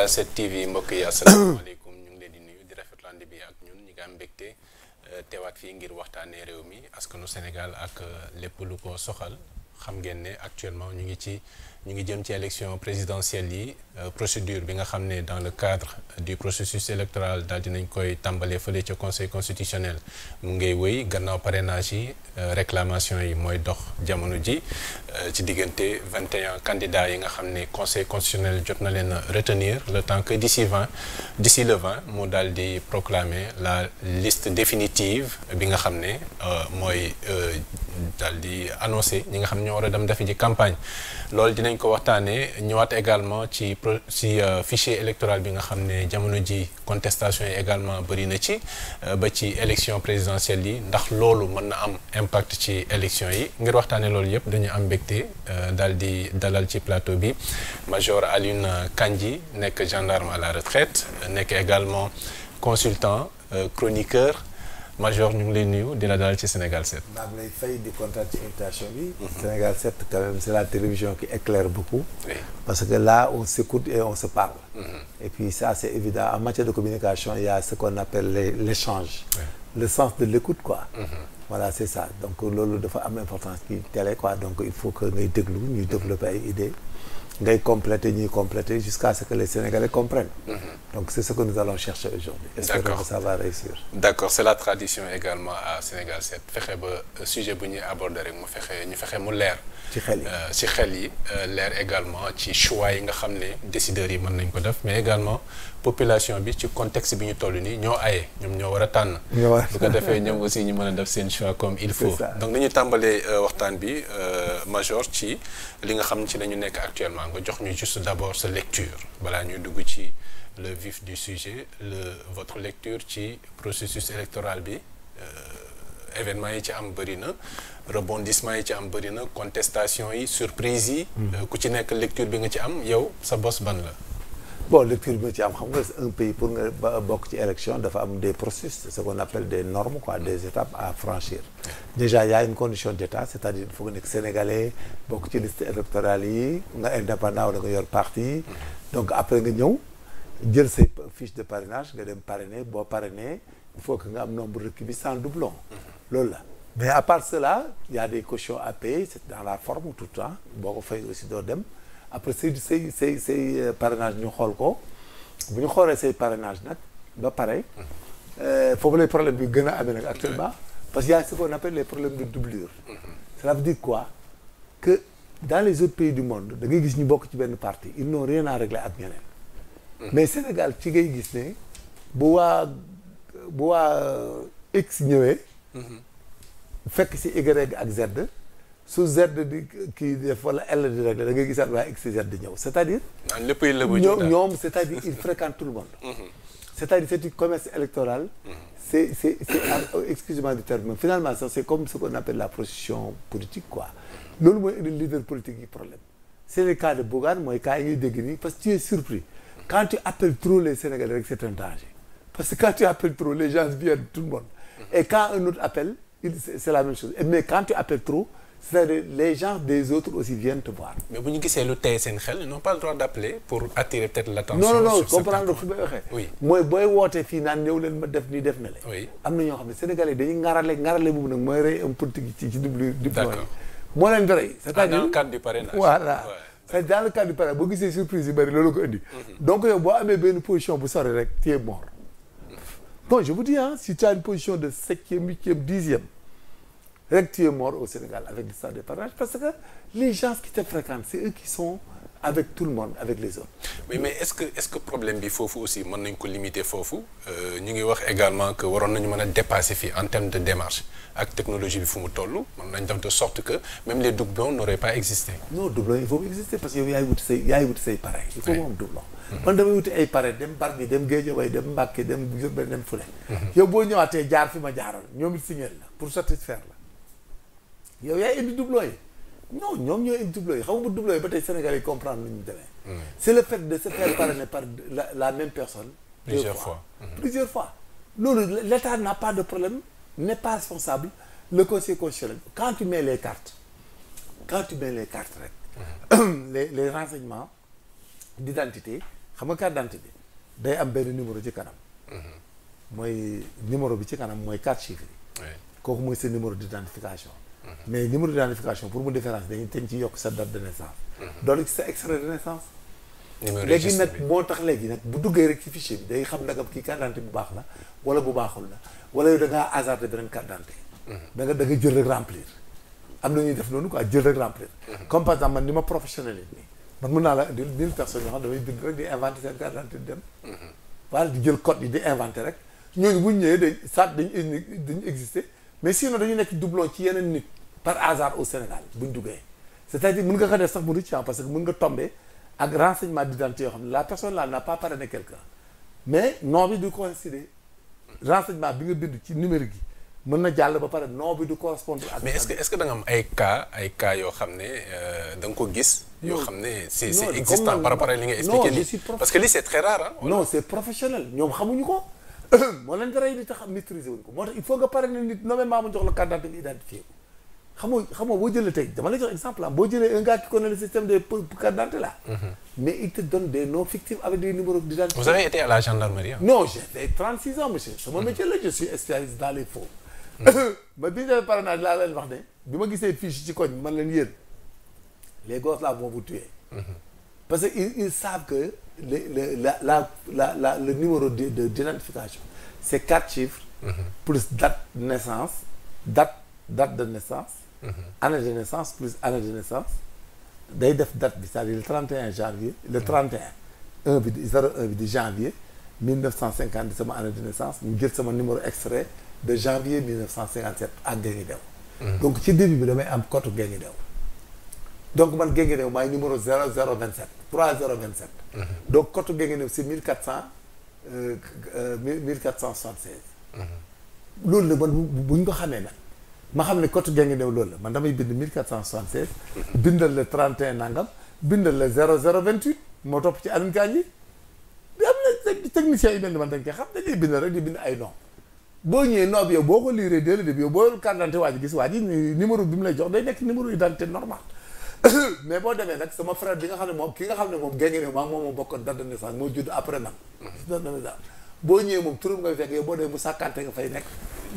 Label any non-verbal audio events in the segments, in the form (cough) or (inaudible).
la 7TV mbokk yi asalaamaaleykum ñu ngi leen di nuyu di rafetlu bi ak ñun ñi nga am mbégte euh, teewaat fii ngir waxtaanee réew mi askanu Sénégal ak euh, lépp lu ko soxal xam ngeen ne actuellement ñu ngi ci ñu ngi jëm ci élection présidentielle yi euh, procédure bi nga xam ne dans le cadre du processus électoral daal dinañ koy tàmbalee fële ca conseil constitutionnel mu ngay wéy gannaaw parrainage yi euh, réclamation yi mooy dox jamono ji euh, ci diggante 21 candidats yi nga xam ne conseil constitutionnel jot na leen retenir le temps que d'ici 20 d'ici le 20 mu daal di proclamer la liste définitive bi nga xam ne mooy daal di annoncer ñi nga xam ne ñoo war a dem defi ji campagne loolu dina dinañ ko waxtaanee ñëwaat également ci pro ci euh, fichier électoral bi nga xam ne jamono ji contestation yi également bëri na ci euh, ba ci élection présidentielle yi ndax loolu mën na am impact ci élection yi ngir waxtaanee loolu yëpp dañu am mbégte euh, dal di dalal ci plateau bi major Alioune Kandji nekk gendarme à la retraite nekk également consultant chroniqueur. Major ñu ngi lay nuyu di la dalal ci Sénégal 7. maa ngi lay fay di kontaan ci invitation bi. Mhm. Sénégal 7 quand même c'est la télévision qui éclaire beaucoup. Oui. parce que là on s'écoute et on se parle. Mm -hmm. et puis ça c'est de communication y a ce qu'on appelle l'échange. le sens de l'écoute quoi mm voilà c'est ça donc loolu dafa am importance ci télé quoi donc il faut que ngay déglu ñuy développer ay idées ngay compléter ñuy compléter jusqu'à ce que les Sénégalais comprennent mm -hmm. donc c'est ce que nous allons chercher aujourd'hui d'accord c'est la tradition également à Sénégal cet fexe ba sujet bu ñuy aborder rek mu fexe ñu fexe mu leer ci xel yi si euh, xel yi euh, leer également ci choix yi nga xam ne décideurs yi mën nañ ko def mais également population bi ci contexte bi ñu toll nii ñoo aye ñoom ñoo war a tànn. bu nga defee ñoom aussi ñu mën a def seen choix comme il faut. donc ñu tàmbalee euh, waxtaan bi major ci li nga xam ci lañu nekk actuellement nga jox ñu juste d'abord sa lecture balaa ñuy dugg ci le vif du sujet le votre lecture ci processus électoral bi. événement yi ci am bëri na rebondissement yi ci am bëri na contestation yi surprise yi. Mhm. Euh, ku ci nekk lecture bi nga ci am yow sa bos ban la. boo lecture bi nga ci am xam nga un pays pour nga bokk ci élection dafa am des processus ce qu'on appelle des normes quoi mhm. des étapes à franchir déjà y une condition d'état c'est-à-dire il faut nga nekk sénégalais bokk ci liste électorale yi nga indépendant wala nga yor parti mhm. donc après nga ñëw jël say fiche de parrainage nga dem parrainer boo parrainer il faut que nga am nombre requis bi sans doublon loolu la mais à part cela il y a des cautions à c'est dans la forme tout le temps boo ko fay aussi doo dem après say say say say parrainage ñu xool ko bu ñu xoolee say parrainage nag ba pare euh, foofu lay problème bi gën a amee nag actuellement parce qu'il y a ce qu'on appelle les de doublure cela veut dire quoi que dans les autres pays du monde da ngay gis ñu bokk ci benn parti ils n'ont rien à régler ak ñeneen mais Sénégal ci ngay gis ne bu waa bu waa euh, x ñëwee fekk si Y ak Z su Z di def wala L di régler da ngay gisaat waa X Z di ñëw c' est à dire. ñoom ñoom c' est à dire il fréquente tout le monde. Mhm. c' est à dire c' est du commerce électoral. Mhm. c' est c' est c' est oh, excusez-moi du terme finalement sax c' comme ce qu'on appelle la prostitution politique quoi mhm. loolu mooy indi leader yi problème. c' est le cas de Bougane mooy cas yi ngay dégg nii parce que tu es surpris quand tu appelles trop les Sénégalais rek c' est un danger Et quand un autre appelle, c'est la même trop, cest à les gens des autres aussi viennent te voir. mais bu ñu gisee lu tey seen xel ils n'ont pas le droit d'appeler pour attirer peut-être l'attention. sur non mooy booy wootee fii naan ñëw leen ma def nii def na le. am na ñoo xam ne sénégalais dañuy ŋarale ŋarale boobu nag mooy rey un politique ci ci dublu. d'accord moo leen di rey. cest ah, dans le cadre du parrainage. boo gisee surprise yu bari loolu ko indi. Mhm. donc yow boo amee benn position bu sori rek Non, je vous dis, hein, si tu as une position de septième, huitième, dixième, rek tu mort au Sénégal avec l'histoire des parrainages parce que les gens qui te fréquentent, c'est eux qui sont avec tout le monde avec les autres. mais est-ce que est-ce que problème bi foofu aussi mën nañ ko limiter foofu euh, ñu ngi wax également que waroon nañu mën a dépasser fii en termes de démarche ak technologie bi fu mu toll man nañ def de sorte que même les doublons n'auraient pas existé. non doublon il faut que exister parce que yow yaay wuti say yaay wuti say pare. il faut que mu mhm. man damay wuti ay pare dem Bargny dem Guédiawaye dem dem Diourbel dem fule. Mhm. yow boo ñëwaatee jaar fi ma jaaroon ñoom it pour satisfaire la yow yaay indi doublon non ñoom ñooy indi doublons yi xam nga bu doublons yi ba tey Sénégal yi comprendre lu ñu demee. Hmm. c'est le fait de se faire parrainer par la même personne. plusieurs fois hmm. plusieurs fois. loolu n'a pas de problème n'est pas responsable le conseil constitutionnel quand tu mets les cartes quand tu mets les cartes rek. Hmm. (coughs) les les renseignements d'identité xam nga carte d'identité day am benn numéro ci kanam. mooy numéro bi ci kanam mooy quatre chiffres yi. kooku mooy sa numéro d'identification. Mm-hmm. mais numéro d'identification pour mu différence dañu dañ ci yokk sa date de naissance. Mm-hmm. doole ci sa extrait de léegi nag moo tax léegi nag bu duggee rek ci fichier bi day xam nagam kii carte bu baax la wala bu baaxul la wala yow da ngaa hasardé beneen carte d'identité. Mm-hmm. da nga da nga jël rek remplir. am na ñuy def noonu quoi jël rek remplir. comme par ni ma professionnel yi nii. naa la indil mille personnes yoo xam damay bind rek di inventé seen carte d'identité dem. wala di jël code yi di inventé rek ñooñu bu ñu ñëwee dañ saat dañ dañ mais sinon dañu nekk doublon ci yeneen nit par hasard au Sénégal buñ duggee c'est-à-dire mën nga ko sax mu rëcc parce que mën nga tomber ak renseignement d'identité yoo xam ne la personne là n'a pas parrainé quelqu'un mais nom bi du coïncider bind ci numérique yi mën na jàll ba pare nom bi du correspondre ak mais est-ce ay cas ay cas yoo xam ne euh, da ko gis yoo xam ne c'est c'est existant par rapport très rare ah c'est professionnel ñoom xamuñu ko (coughs) moo leen tere li tax maîtriser wuñ ko mu jox la carte d'identité bi identifié ko xam nga xam nga boo jëlee tey dama la jox exemple ah mais il te donne des noms fictifs avec des numéros d'identité. vous avez été à la gendarmerie. non j'ai mhm. la je suis spécialiste dans les faux. Mhm. (coughs) ma bi ñu defee parrainage laa leen wax ne bi ma gisee fiche ci koñ man leen yéen les gosses là vont parce que ils, ils savent que le le la la la, la le numéro de de d'identification c'est quatre chiffres. Mm plus date de naissance dat date de naissance. Mm -hmm. année de naissance plus année de naissance. day def date bi sa à dire le 31 janvier. le 31 mm-hmm. 1 bi 01 bi di janvier 1950 di sama année de naissance mu jël sama numéro extrait de janvier 1957 ak Guéguy Dew. Mm-hmm. donc ci début bi damay am code ngi Dew. donc man Guinguinéo maay numéro 0027 3027. Mhm. donc cote Guinguinéo c'est 1400 euh, euh, 1476. Mhm. loolu la man bu ñu ko xamee nag ma xam ne cote Guinguinéo loolu la man damay bind mill 1476. Mhm. bindal la 31 nangam bindal la 0028 moo topp ci Alioune Kandji bi am na technicien yu mel ni man dañ koy xam dañuy bind rek di bind ay noms. boo ñëwee noob yow boo ko liiree dès le début yow boo carte bi mu lay jox nekk numéro d'identité normal. (coughs) mais boo demee nag sama frère bi nga xam ne moom ki nga xam ne moom géej gi ne maa moom moo bokkoon date de mhm. nga fekk yow boo demee mu sàkkante nga fay nekk.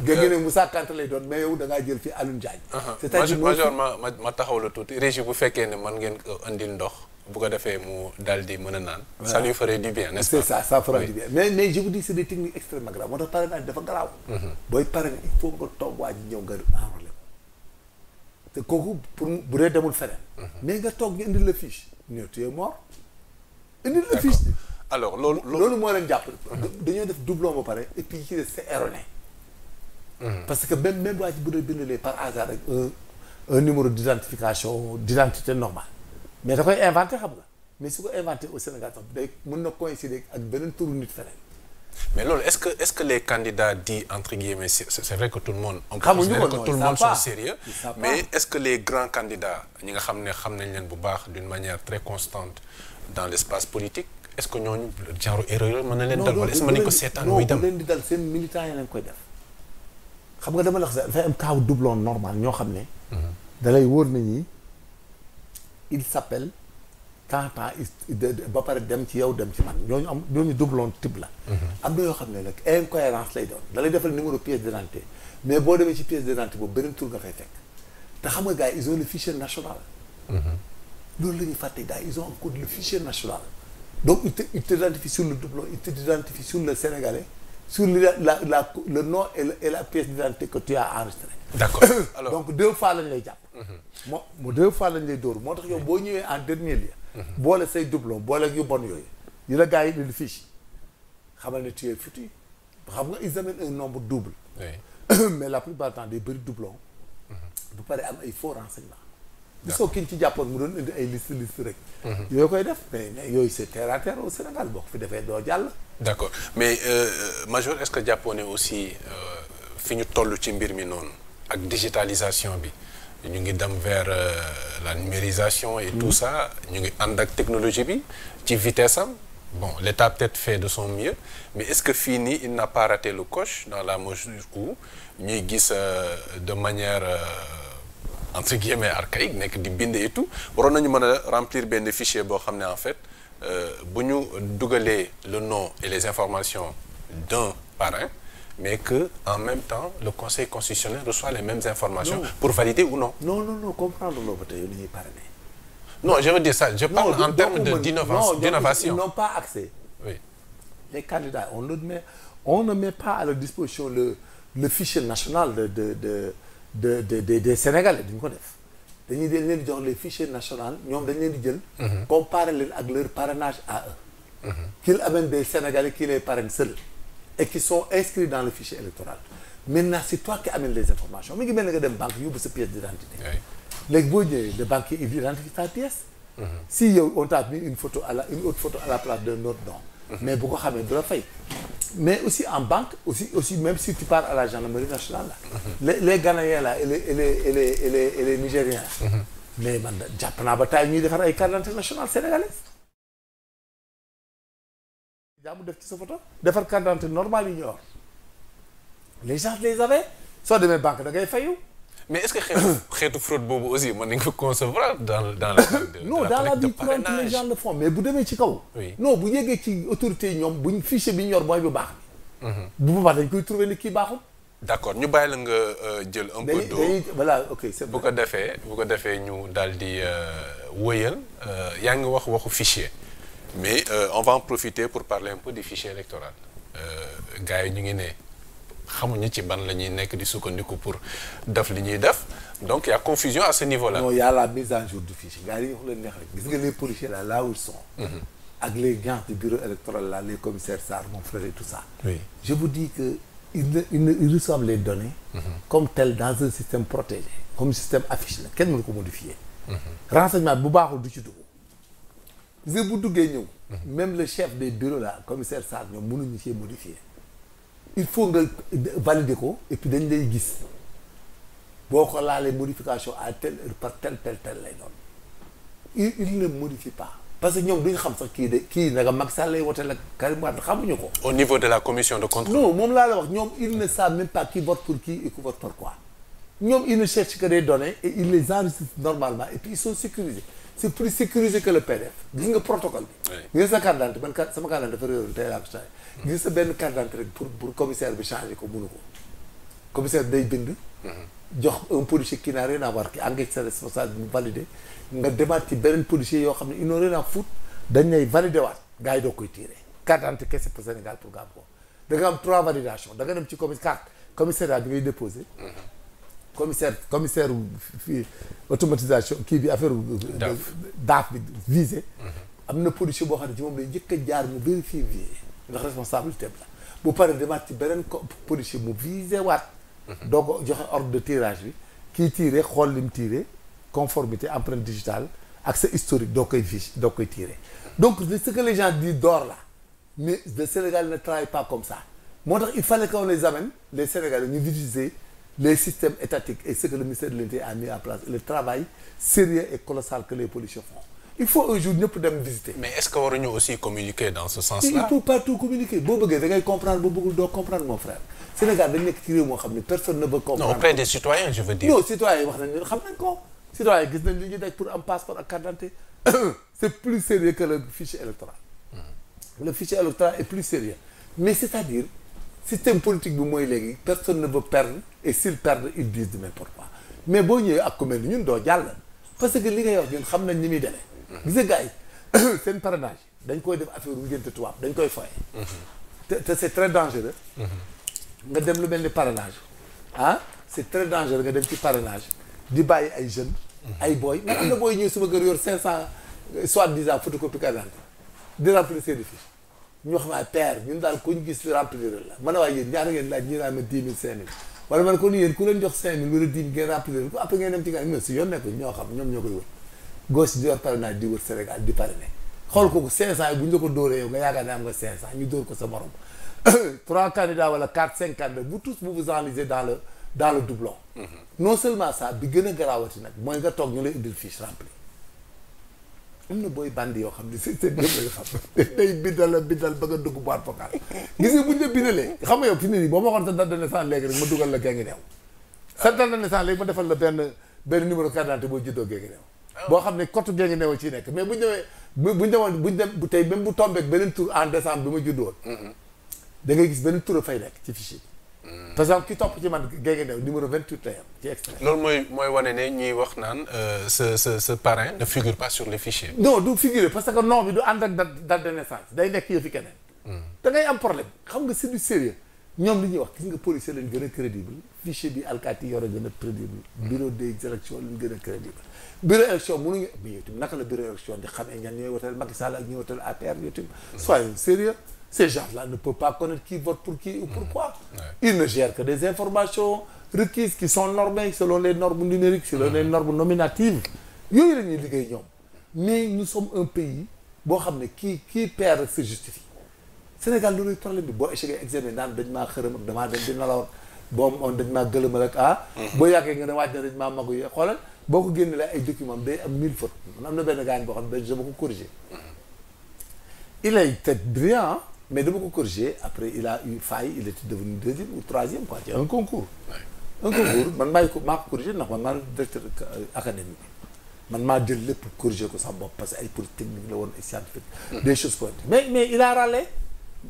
géej gi mu sàkkante lay doon mais yow jël fi Alioune Diagne. Uh-huh. c'est-à-dire fekkee ne mën ko andil ndox. bu di mën a naan. ça lui ferait du bien n'est-ce pas. c'est mais mais dafa garaaw. Mhm. booy parrainer il faut nga toog waa ñëw nga te kooku pour mu bu dee demul feneen. Mhm. mais nga toog ñu indil la fiche. ñëw tu es mort. la fiche. alors loolu loolu moo leen jàpp. Mhm. dañoo def doublon ba pare et puis ci des c'est erroné. Mhm. parce que même même waa ci bu dee bindalee par hasard rek un un numéro d'identification d'identité normale. mais da koy inventé xam nga mais su ko inventé au Sénégal sax day mën na coïncider ak beneen turu nit feneen. mais loolu est-ce que est-ce que les candidats dits entre guillemets c'est vrai que tout le monde on peut considérer sérieux mais est-ce que les grands candidats ñi nga xam ne xam nañ leen bu baax d'une manière très constante dans l'espace politique est-ce que ñooñu genre erreur yooyu mën na leen dal wala est-ce que mën nañ ko seetaan muy dem leen di dal seen militants xam nga dama la wax sax dafay am kaaw doublon normal ñoo xam ne mhm. da lay wóor na ñi il s'appelle temps temps ba pare dem ci yow dem ci man ñooñu am ñooñu doublon type la. Mhm. am na yoo xam ne nag incohérence lay doon da defal numéro pièce d'identité mais boo demee ci pièce d'identité boobu beneen tur nga fay fekk te xam nga gars yi ils ont le fichier national. Mhm. loolu la ñuy fàtte gars yi ils ont encore le fichier national. donc il te il t'identifie sur le doublon il t'identifie sur le sénégalais sur la la la le nom et la et la pièce que tu as enregistré. d'accord (coughs) donc deux fois lañ lay jàpp. moo mhm. moo deux moo tax yow boo ñëwee en boole say doublon boole yu bon yooyu yi la gars yi di fiche xamal ne tu xam nga ils un nombre double (coughs) mais la plupart de temps day bëri doublon mm-hmm. bu pare am ay faux renseignement gisoo kiñ ci jàppoon mu doon ay liste rek mm-hmm. yooyu koy def mais yooyu c'est terre à terre Sénégal boo ko fi defee doo jàll d'accord mais euh, major est-ce que jàppoon aussi euh, fi ñu toll ci mbir mi noonu ak digitalisation bi ñu ngi dem vers euh, la numérisation et tout mm-hmm. ça ñu ngi ànd ak technologie bi ci vitesse am bon l'État peut-être fait de son mieux mais est-ce que fii nii il n'a pas raté le coche dans la mesure où ñuy gis euh, de manière euh, entre guillemets archaïque nekk di bind et tout waroon nañu mën a remplir benn fichier boo xam ne en fait bu ñu dugalee le nom et les informations d'un parrain mais que en même temps le conseil constitutionnel reçoit les mêmes informations. pour valider ou non. non non non comprendre loo ba tey yow dañuy parrainer. non je veux dire ça je parle de d'innovation. d'innovation. ils n'ont pas accès. oui les candidats on le met on ne met pas à leur disposition le le fichier national de de de de de des de Sénégalais duñu ko def. dañuy dañ leen di jox les fichiers nationaux ñoom dañ leen di jël. Mhm. comparer leen ak leur parrainage à eux. Mhm. qu'ils amènent des Sénégalais qui les parrainent seuls. et qui sont inscrits dans le fichier électoral maintenant c'est toi qui amène les informations mi ngi mel ni nga dem banque yóbbu sa pièce d'identité léegi boo ñëwee le banquier il identifie ta pièce mhm. si yow on t'a mis une photo à la une autre photo à la place d'un autre mhm. la fay mais aussi en banque aussi aussi même si tu pars à la gendarmerie nationale là mhm. les les Ghanéens là et les et les et les et les et les Nigériens là mais man jàpp naa ba taay ñuy ay carte d'identité nationale sénégalaise jaamu def ci sa photo defar carte normal normale yi ñu or les gens les soo demee banque da ngay fayu. mais est-ce que xeetu (coughs) xeetu fraude boobu aussi mën nañ ko concevoir dans dans la. (coughs) non dans la vie courante les mais bu demee ci kaw. non bu yeggee ci autorité ñoom buñ fichier bi ñu yor mooy bu baax. Mm-hmm. bu boobaa dañ koy trouver ni kii baaxul. d'accord ñu bàyyi la nga euh, jël. un peu d'eau voilà ok c'est bu ko defee bu ko defee ñu daal di euh, wëyal euh, yaa ngi wax waxu fichier. mais euh, on va en profiter pour parler un peu du fichier électoral euh, gars yi ñu ngi ne xamuñu ci ban la ñuy nekk di sukkandiku pour def li ñuy def donc y a confusion à ce niveau là. non y a la mise à jour du fichier gars yi ñu wax leen neex rek gis nga les policiers là là où ils sont. Mm-hmm. ak les gens du bureau électoral là les commissaires Sarr mon frère et tout ça. je vous dis que ils ils reçoivent les mm-hmm. comme tel dans un système protégé. comme système affiché la kenn mënu ko modifier. Mm-hmm. renseignement bu baaxul du ci dugg. gis bu duggee ñëw. même le chef des bureaux là commissaire Sarr ñoom mënuñu cee modifier. il faut nga valider ko et puis dañ lay gis boo ko laalee modification à telle heure par tel tel tel lay doon il ne modifie pas. parce que ñoom duñ xam sax kii de kii naka Macky Sall lay wote la Karim xamuñu ko. au niveau de la commission de contrôle. non moom laa la wax ñoom ils ne savent même pas qui vote pour qui et qui vote pour quoi ñoom ils ne cherchent que des données et ils les enregistrent c' est plus que le PDF gis nga protocole bi gis sa carte d'identité sama carte d'identité dafa réeroon tey laa ko changé gis sa benn carte d'identité rek pour pour commissaire bi changé ko mënu ko commissaire day mhm. n'a rien sa responsable mu validé nga demaat ci beneen policier yoo xam ne ils n'ont rien à foutre dañ lay validé waat yi doo koy tiire carte d'identité pour Sénégal pour nga am ko da am trois validations da dem ci commis carte bi ngay déposé mhm. commissaire commissaire fii automatisation kii bi affaire. daaf bi visé. am na policier boo xam ne ci moom lay njëkk a jaar mu vérifié ndax responsabilité bi la bu pare demaat ci beneen co policier mu visé waat. Mhm. doo ko joxe ordre de tirage bi kii tiré xool lim tiré conformité empreinte digitale ak sa historique doo koy vise doo koy tiré donc ce que les gens disent d'or là mais le Sénégal ne travaille pas comme ça moo tax il fallait qu'on les amène sénégal Sénégalais ñu les systèmes étatiques et ce que le ministère de l'Intérieur a mis en place le travail sérieux et colossal que les policiers font il faut un jour ñëpp dem visiter. mais est-ce que waruñu aussi communiquer dans ce sens-là. il faut partout communiquer boo bëggee da ngay comprendre boo bëggul doo comprendre mon frère Sénégal dañ nekk ci réew personne ne veut comprendre. des citoyens je veux dire. non citoyens yi wax nañ ñun xam citoyens gis nañ li ñuy daj am passeport ak carte d'identité (coughs) c'est plus sérieux système politique bi mooy léegi personne ne veut perdre et s'ils perdent ils disent de quoi mais boo ñëwee ak ku mel ni ñun doo jàll parce que li ngay wax ñun xam nañ ni muy demee gis nga yi (coughs) seen parrainage dañ koy def affaire ngénte tubaab dañ koy foye te te c'est très dangereux nga dem lu mel ni parrainage ah c'est très dangereux nga dem ci parrainage di bàyyi ay jeunes ay booy man am na booy ñëw suma kër yor cinq cent soi-disant photocopie carte d'identité di remplir seen fiche ñu wax ma père ñun daal ku ñu gis remplir la ma ne waaye yéen ñaata ngeen laaj ñu naan ma dix mille cinq mille wala man kon yéen ku leen jox cinq mille wala dix mille ngeen remplir ko après ngeen dem ci gars yi si yoon nekk ñoo xam ñoom ñoo koy wër gauche di yor parrainage di wër Sénégal di parrainé xool kooku cinq cent yi bu ñu la ko dóoree yow nga yaakaar am nga cinq cent ñu dóor ko sa morom (coughs) trois candidats wala quatre cinq candidats bu tous vous vous enlisez dans le mm-hmm. gën a garaawati nag mooy nga toog ñu am na booy band yoo xam ne seen seen yëpp lañ xam day bindal la bindal ba nga dugg boîte vocale gis nga xam ne nii boo ma waxoon sa date de naissance léegi rek ma dugal la gée neew sa date de naissance léegi ma defal la benn benn numéro carte d'identité boo juddoo gée ngi neew boo xam ne cote gée ngi neew ci nekk mais buñ demee buñ demoon bu dem tey même bu tombeek beneen tour en décembre bi ma juddoon da ngay gis beneen tour a fay nekk ci fichier par exemple ki topp ci man Guèye Ndew numéro 28 lay am ci extrait. loolu mooy mooy wane ne ñuy wax naan euh, ce ce ce parrain ne figure pas sur les fichiers. non du figurer parce que nom bi du ànd ak date date de naissance day nekk yëfi keneen. Hmm. da am problème xam nga c'est du sérieux ñoom li ñuy wax gis nga policier lañ gën a crédible fichier bi alkaati yore hmm. gën a crédible. bureau des élections lañ gën a crédible. bureau élection mënuñu mais yow tamit naka la bureau élection di xamee ñan ñooy wotal Macky Sall ak ñooy wotal APR ces gens-là ne peuvent pas connaître qui vote pour qui ou pourquoi. Ils ne gèrent que des informations requises qui sont normées selon les normes numériques, selon les normes nominatives. yooyu la liggéey ñoom mais nous un pays boo xam ne kii kii perd se justifie Sénégal loolu problème bi boo échoué examen naan dañ maa xërëm ak damaa dem di nalawoon boo on dañ maa gëlëmal ak ah mm-hmm. boo yàggee nga ne wàcc na dañ maa magu xoolal boo ko génne la ay documents day am mille fautes man am na benn gaañ boo xam ne dama ko corriger mm-hmm. il est mais dama ko corriger après il a eu faille il était devenu deuxième ou troisième quoi. c'est un concours. un concours man maa ko corriger ndax man maa directeur lépp corriger ko sax bopp parce que ay pour technique la woon ay scientifique. des mais il a râlé.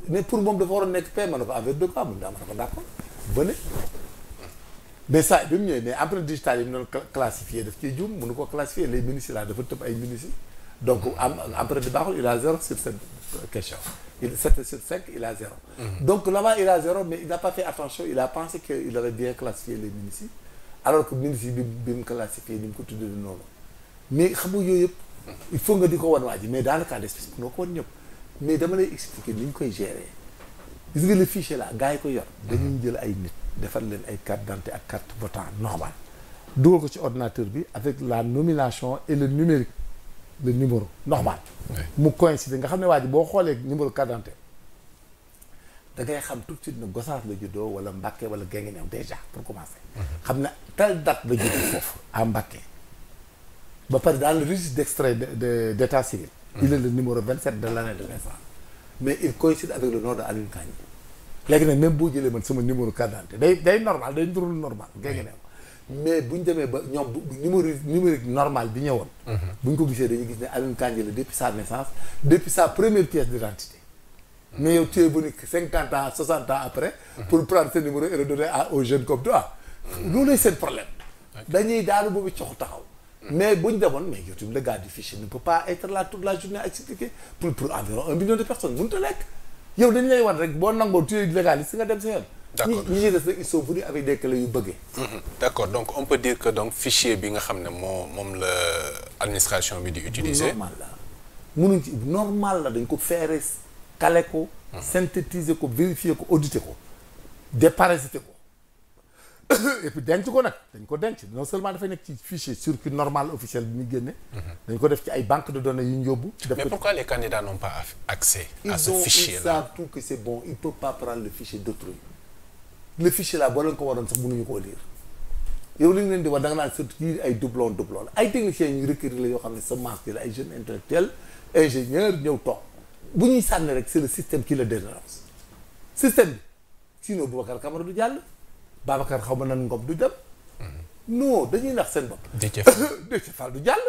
mais pour moom dafa nekk paie ma ne ko avec de quoi mun naa ma ne ko d'accord venez mais ça bi mu ñëwee mais empreinte digitale yi mu ko classifier les ministres il a zéro sur question. Il, 7 sur 5, il a 0. Mm. Donc là-bas, il a 0, mais il n'a pas fait attention. Il a pensé qu'il avait bien classifié les municipes. Alors que municipes, il a classifié, il a de non. Mais il faut que je mais dans le cas ko nous connaissons. Mais je vais expliquer comment gérer. Vous voyez le fichier là, les gars, ils ont des nits, des cartes d'identité et cartes votants normales. D'où l'ordinateur avec la nomination et le numérique. de numéro normal. mu coïncider nga xam ne waa ji boo xoolee numéro carte d'identité da ngay xam tout de suite ne Gossas la juddoo wala Mbacké wala Guinguinéo déjà pour commencer. Mhm. xam ne telle date la juddoo foofu à Mbacké. ba pare daal le registre de d'état civil. Mhm. il est le numéro 27 de l'année de naissance. mais il coïncide avec le nom de Alioune Kandji. léegi nag même boo jëlee man sama numéro carte d'identité day day normal day ndurul normal Guinguinéo. mais bu ñu demee ba ñoom bu numérique numérique normal bi ñëwoon. Mhm. bu ñu ko gisee dañuy gis ne Alioune Kandji la depuis sa naissance depuis sa première pièce d'identité. Mhm. mais yow tu es venu cinquante ans après. Mhm. pour prendre ce numéro et le donner à aux jeunes seen problème. dañuy daanu boobu cox taxaw. mais bu ñu demoon mais YouTube le gars du fichier ne peut pas être là toute la journée à pour pour environ un million de personnes mënut a nekk. yow dañu lay wan rek boo nangoo tu es légaliste nga dem sa yoon. d'accord ñi ñuy des nag ils sont venus avec des clés yu bëggee. Mhm. d'accord donc on peut dire que donc fichier bi nga xam ne moo moom la administration bi di utiliser normal ci normal la dañ ko feere kale ko mhm. synthétiser ko vérifier ko auditer ko déparasiter ko (coughs) et puis denc ko nag dañ ko denc no seulement dafay nekk ci fichier circuit normal officiel bi ñu génne. Mhm. dañ ko def ci ay banque de données yu ñu yóbbu. mais pourquoi les candidats n'ont pas accès. à ce fichier là ils ont ils tout que c'est bon ils peuvent pas prendre le fichier d'autrui le fichier là boo leen ko waroon sax ñu koo lire yow li ñu leen di wax da nga naan surtout yii ay doublon doublon la ay techniciens ñu recruter la yoo xam ne semence bi la ay jeunes intellectuels ingénieurs ñëw toog bu ñuy sànni rek c'est le système qui le dénonce système bi sinon Boubacar Camara du jàll Babacar xaw ma nan Ngom du dem mhm. no dañuy nax seen bopp. (laughs) Déthié Fall du jàll.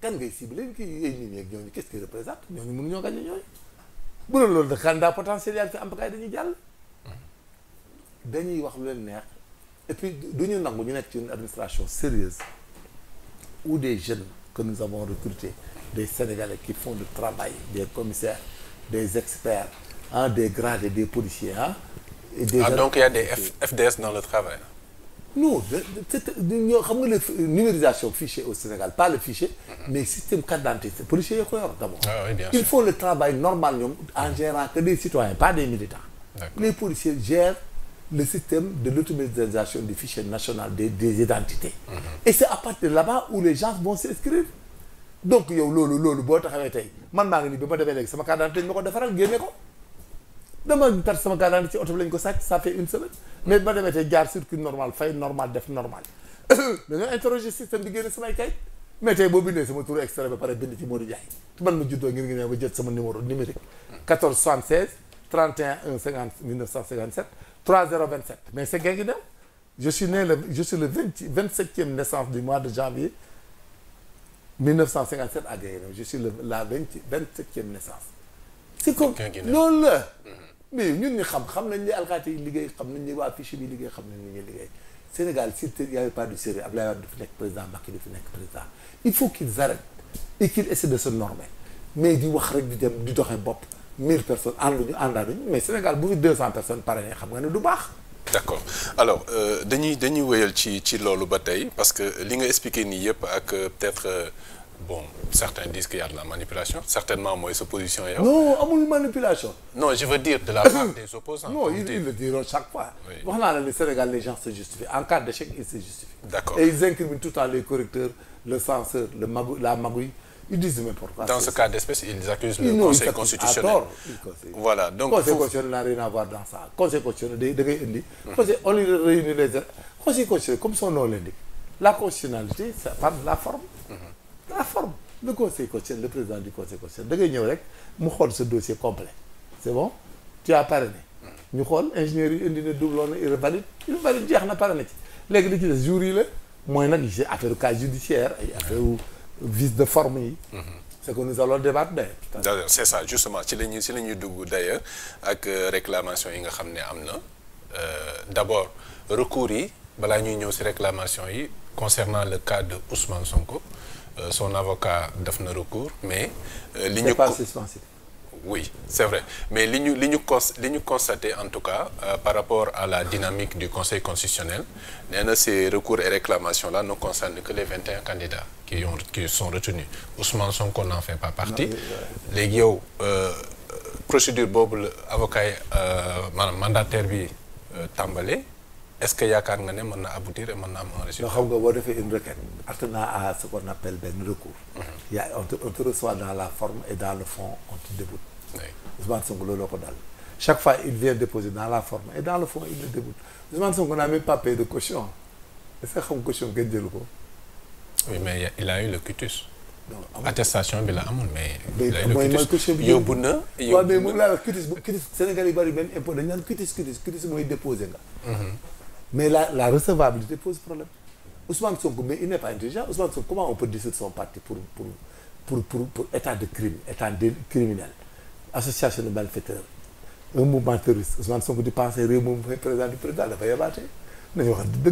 kan ngay ciblé kii ay nit ñeeg ñooñu qu'est-ce qu'ils représentent ñooñu mënuñoo gagné ñooñu loolu de candidat potentiel yaa ngi fi am kay dañuy jàll. dañuy wax lu leen neex et puis du ñu nangu ñu nekk ci une administration sérieuse ou des jeunes que nous avons recrutés des Sénégalais qui font du travail des commissaires des experts des grades et des policiers ah. et donc il y a des FDS dans le travail. non ñoo xam nga le euh, numérisation fichier au Sénégal pas le fichier. mais système carte d'identité policiers yoo ko yor d'abord. Ah il faut le travail normal ñoom en gérant que des citoyens pas des militants. les policiers gèrent. le système de l'automatisation du fichier national des, des identités mhm. et c'est à partir de là-bas où les donc yow loolu loolu boo taxawee tey man maa ngi nii bi ma demee léegi sama carte d'identité ñu ma ko oto bi lañ ko sàcc ça fait une semaine mais bi ma demee tey jaar circuit normal fay normal def normal (coughs) dañoo interroger système bi génne samay kayit mais tey boo bindee sama tur extrait ba pare bind 3027 mais c' est Guinguinéo je suis né le je suis le vingt vingt septième naissance du mois de janvier 1957 à Guinguinéo je suis le la vingt vingt septième naissance. si ko loolu la. Mm-hmm. mais ñun ñi xam xam nañ ni alkaati yi liggéey xam nañ ni waa fiche bi liggéey xam nañ ni ñuy liggéey Sénégal si il y avait pas de sérieux Abdoulaye du fi nekk président Macky du fi nekk président il faut qu'ils arrêtent et qu'ils essaient de se normer mais di wax rek di dem di doxee bopp. 1000 personnes ànduñu àndaanuñu mais Sénégal bu fi 200 personnes parrainé xam nga ne du baax. d' accord alors euh, dañuy dañuy wéyal ci ci loolu ba tey parce que li nga expliqué nii yëpp ak euh, peut être euh, bon certains disent qu'il y a de la manipulation certainement mooy sa position yow. non amul manipulation. non je veux dire de la part des (coughs) opposants. non ils ils le diront chaque fois. wax naa la ni Sénégal les gens se justifient en cas d' échec ils se justifient. le temps les correcteurs le Ils disent, mais pourquoi Dans ce cas d'espèce, ils accusent le non, Conseil constitutionnel. voilà, donc... Conseil constitutionnel n'a rien à voir dans ça. Conseil constitutionnel, de, de, conseil, constitutionnel, comme son nom l'indique, la constitutionnalité, ça parle la forme. Mhm. La forme. Le Conseil constitutionnel, le président du Conseil constitutionnel, de nous ce dossier complet. C'est bon Tu as parrainé. Nous mhm. avons ingénieur, indi ne doublon, il valide. Il valide, il a parrainé. Les gens vice de forme yi. Mhm. c'est que nous allons débattre d'ailleurs. c'est ça justement ci la ñuy ci la ñuy dugg d'ailleurs ak euh, réclamation yi nga xam ne am na euh, d'abord recours yi balaa ñuy ñëw ci réclamation yi concernant le cas de son Sonko euh, son avocat def na recours mais. li ñu ko c'est oui c'est vrai mais li ñu li ñu cons li ñu constaté en tout cas euh, par rapport à la dynamique du conseil constitutionnel nee na ces recours et réclamations là ne concernent que les 21 candidats qui ont qui sont retenus Ousmane Sonko n'en fait pas partie léegi yow euh, procédure boobu avocat yi euh, maanaam mandataire bi euh, tàmbale est-ce que yaakaar nga ne mën na aboutir et mën na am un résultat. xam nga boo defee une requête attenant à ce qu'on appelle benn recours. Mhm. y a on te on dans la forme et dans le fond on te déboute. oui Ousmane looloo ko dal chaque fois il vient déposer dans la forme et dans le fond il de caution est-ce que xam a la amul mais. mooy mooy caution bi yóbbu na yóbbu na waaw mais moom nga. Mhm. mais la la recevabilité pose problème Ousmane Sonko mais il n'est pas intelligent Ousmane Sonko comment on peut dissoudre son parti pour pour pour pour, pour état de crime état de criminel association de malfaiteurs un mouvement terroriste Ousmane Sonko di penser réew moom mooy président du président dafa yebaate de. Sonko Sonko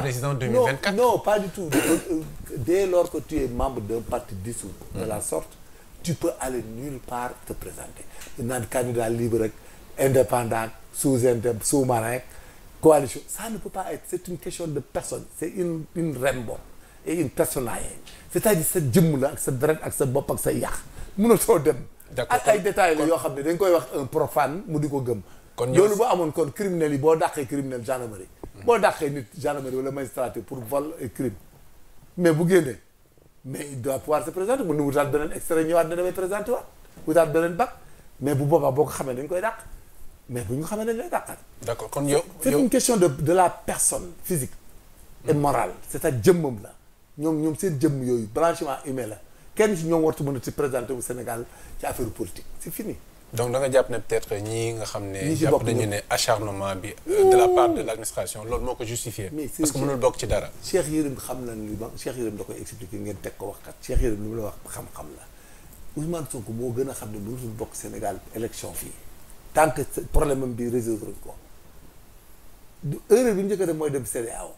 président pas du tout. dès lors que tu es membre d'un parti dissous. de la hmm. sorte tu peux aller nulle part te présenter naan candidat libre rek. indépendant sous-indép sous-marin coalition ça ne peut pas être c'est une de personne c'est une une rembo et une personnae cest à sa jëmm la ak sa deret ak sa bopp ak sa yàq soo dem ak ay détails la yoo xam ne dañ koy wax un profane mu di ko gëm kon lu bu amoon kon criminels yi boo dàqee criminel gendarmerie boo dàqee nit gendarmerie wala magistrature pour vol et crime mais bu génnee mais il doit pouvoir se présenter mën na wutaat beneen extrait ñëwaat ne damay présenter waat wutaat beneen bac mais bu boobaa boo ko xamee dañ koy dàq mais bu ñu xamee ne lay ah. dàqal. d'accord kon yow c'est question de de la personne physique. et hmm. morale c'est ça jëmmam la ñoom ñoom seen jëmm yooyu blanchiment humain la kenn ci ñoom wartu mën a ci présenté wu Sénégal ci affaire politique c'est fini. donc da nga jàpp ne peut-être ñii nga xam ne. ñi jàpp nañu ne acharnement bi. Euh, de la part de l'administration loolu moo ko justifié. parce que mënul bokk ci dara. Cheikh Yérim xam na li ma Cheikh Yérim da koy expliqué ngeen teg ko wax kat Cheikh Yérim li mu la wax xam la Ousmane Sonko moo gën a xam ne mënatul bokk Sénégal élection fii. tant que problème am bi résoudre ko du erreur bi njëkk a mooy dem CEDEAO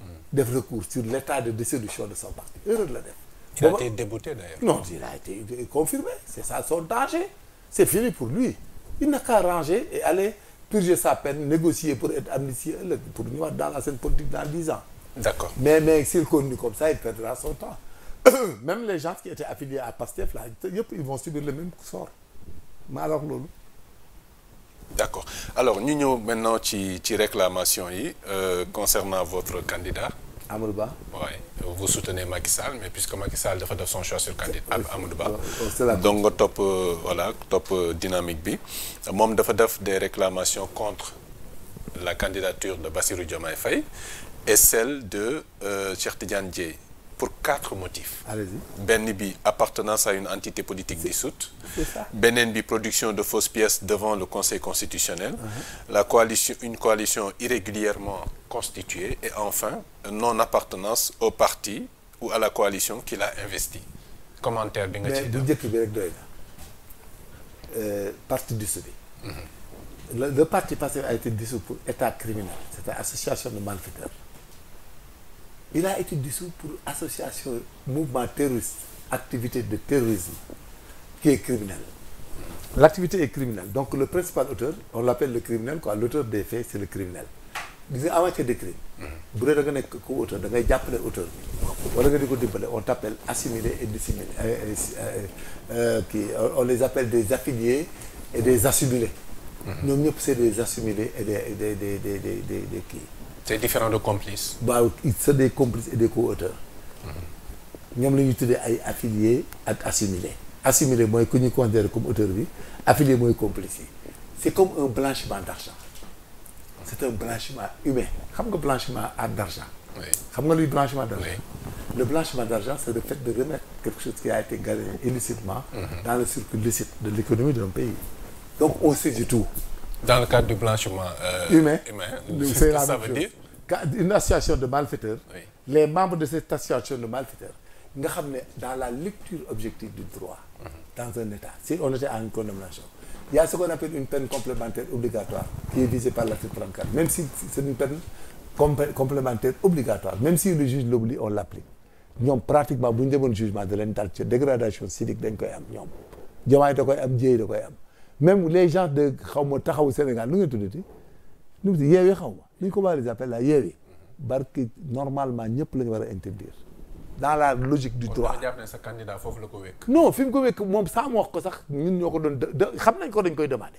hmm. def recours sur l' état de dissolution de son parti erreur la def. il a été non il a confirmé c' ça son danger c' fini pour lui il n'a qu'à ranger et aller purger sa peine négocier pour être amnistié ëllëg pour ñëwaat dans la scène politique dans dix ans. d'accord mais mais s'il continue comme ça il perdra son temps (coughs) même les gens qui étaient affiliés à PASTEF là yëpp ils subir le même sort. maa la loolu. d'accord alors ñu ñëw maintenant ci ci réclamation yi euh, concernant votre candidat. Amadou Ba. waaye vous soutenez Macky Sall mais puisque Macky dafa def son choix sur candidat Amadou Ba donc nga topp wala euh, topp euh, dynamique bi moom dafa def des réclamations contre la candidature de Bassirou Diomaye fay et celle de euh, Cheikh Tidiane Dièye pour quatre motifs. allez benn bi appartenance à une entité politique dissoute. C'est ça. bi production de fausses pièces devant le Conseil constitutionnel. Uh-huh. la coalition une coalition irrégulièrement constituée et enfin non appartenance au parti ou à la coalition qui l'a investi. commentaire bi nga ci de njëkk bi euh, parti dissous uh-huh. le parti Pastef a été dissous pour état criminel. c'était association de malfaiteurs. il a été dissous pour association mouvement terroriste activité de terrorisme qui est criminelle l'activité est criminelle donc le principal auteur on l'appelle le criminel quoi l'auteur des faits c'est le criminel gis nga en matière de crime bu dee da nekk ku auteur da ngay jàppale auteur bi wala nga di ko dimbale on t'appelle assimilé et dissimilé kii euh, euh, euh, on les appelle des affiliés et des assimilés mm-hmm. ñoom ñëpp c'est des assimilés et des des des des des des kii c'est différent de complice. waaw c'est des complices et des co-auteurs. ñoom la ñuy tuddee ay affiliés ak assimilés. assimilé mooy ku ñu considéré comme auteur bi affilié mooy complice yi c'est comme un blanchiment d'argent c'est un blanchiment humain xam nga blanchiment à d'argent xam nga luy blanchiment d'argent le blanchiment d'argent c'est le fait de remettre quelque chose a été gagné illicitement mhm. dans le circuit licite de l'économie d'un pays donc on sait du dans le cadre du blanchiment euh, une association de malfaiteurs oui. les de cette association de malfaiteurs nga xam ne dans la lecture objective du droit mm -hmm. dans un état si on était à une condamnation il y a ce qu'on appelle une peine complémentaire obligatoire qui est visée par l'article 34 même si c'est une peine complémentaire obligatoire même si le juge l'oublie on l'applique ñoom pratiquement bu ñu jugement de leen dal ci dégradation dañ koy am ñoom jomaay da koy am jéey da koy am même les gens xaw ma taxaw Sénégal lu nga tuddati xaw ma li ñu ko waa les appelle la yeewi barki normalement ñëpp la war a interdire dans la logique du droit jàpp ne foofu la ko wékk non fi mu ko wékk moom saa mu wax ko sax ñun ñoo ko doon xam nañ ko dañ koy demandé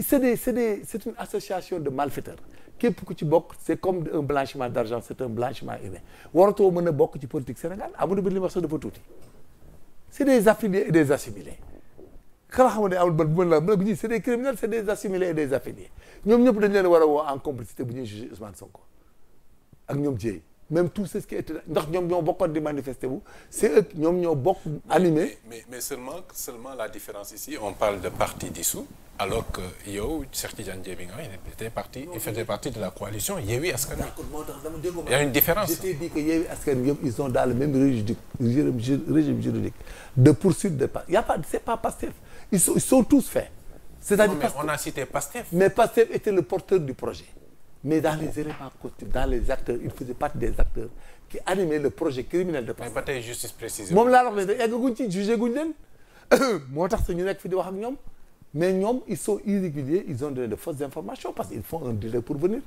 c'est des c'est des association de malfaiteurs képp ku ci bokk c'est comme un blanchiment d'argent c'est un blanchiment humain waratoo mën a bokk ci politique Sénégal amuñu bi li wax sax dafa tuuti c'est des affiliés et des assimilés kala xamante ne amul ban bu mën la bu ñuy c'est des criminels c'est des assimilés et des affiliés ñoom ñëpp dañ leen war a woo en complicité bu ñuy jugé Ousmane Sonko ak ñoom Dieye même tout ce qui était ndax ñoom ñoo bokkoon di manifester bokk animé. mais seulement la différence ici on parle de parti dissous alors que yow Cheikh Tidiane Dièye bi nga était parti il faisait partie de la coalition Yewwi Askan Wi. il a une différence. je sont dans le même régime juridique de poursuite de pas a ils sont, ils sont tous faits. c'est-à-dire Pastef on a cité Pastef. mais Pastef était le porteur du projet. mais dans les éléments constitutifs dans les acteurs il faisait partie des acteurs qui animaient le projet criminel de Pastef. mais ba tey justice précise. moom laa wax ne eggaguñ ci jugé guñ leen (coughs) moo tax ñu nekk fi di wax ak mais ñoom ils sont irréguliers ils ont donné de fausses informations parce qu'ils font un délai pour venir